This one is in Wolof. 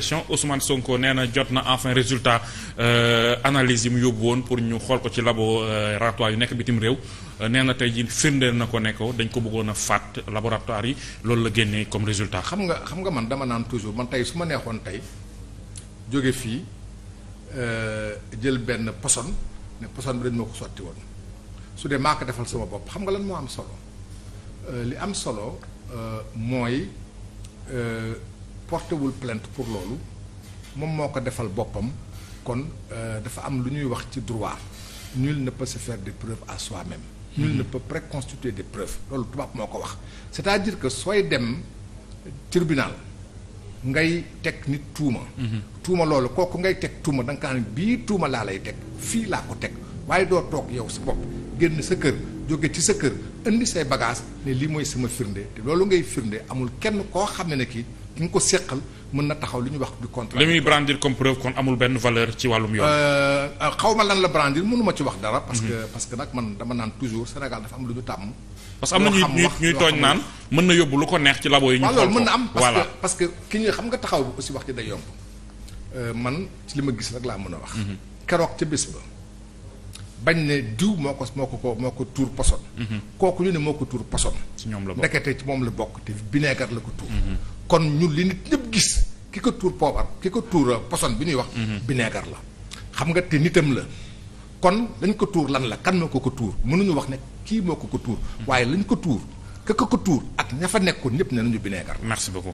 question man Sonko nee na jot na enfin résultat euh, analyse yi mu yóbbu woon pour ñu xool ko ci laboratoire euh, yu nekk bitim réew euh, nee na tey jii firndeel na ko ne ko dañ ko bëggoon a faat laboratoire yi loolu la génnee comme résultat. xam nga xam nga man dama naan toujours man tey su ma neexoon tey jóge fii jël benn poson ne poson bi dañ ma ko sotti woon su dee maa ko defal sama bopp xam nga lan moo am solo li am solo mooy. portewul plainte pour loolu moom moo ko defal boppam kon euh, dafa am lu ñuy wax ci droit nul ne peut se faire des à soi-même hmm. nul ne peut préconstituer de preuves loolu tubaab moo ko wax c'est-à-dire que sooy dem tribunal ngay teg nit tuuma hmm. tuuma loolu kooku ngay teg tuuma da nga kaa ne bii tuuma laa lay teg fii laa ko teg waaye doo toog yow si bopp génn sa kër jóge ci sa kër indi say bagage ne lii mooy sama firnde te loolu ngay firnde amul kenn koo xam ne ne kii ki nga ko séqal mën na taxaw li ñuy wax du contrat. li muy brandir comme amul benn valeur ci wàllum yoon. Euh, euh, xaw ma lan la brandir mënu ma ci wax dara. parce que mhm. parce que nag man dama naan toujours Sénégal dafa am lu ñu tàmm. parce que am na ñuy tooñ naan mën na yóbbu lu ko neex ci labo yi. ñu xool loolu mën na am parce que parce ki ñu xam nga taxaw bi aussi wax ci day yomb. Euh, man ci li ma gis rek laa mën a wax. Mhm. keroog ca bés ba. bañ ne diw moo ko moo ko ko moo ko tuur poson. Mhm. kooku ñu ne moo ko tuur poson. ci ñoom la bokk ndekete ci moom la bokk te vinaigre la ko tuur. Mhm. kon ñun li nit ñëpp gis ki ko tuur poobar ki ko tuur euh, poson bi ñuy wax. Mhm. vinaigre la xam nga te nitam la. kon lañ ko tuur lan la kan moo ko ko tuur ñu wax ne kii moo ko ko tuur. waaye lañ ko tuur ka ko ko tuur ak ña fa nekkoon ñëpp ne nañu vinaigre. merci beaucoup.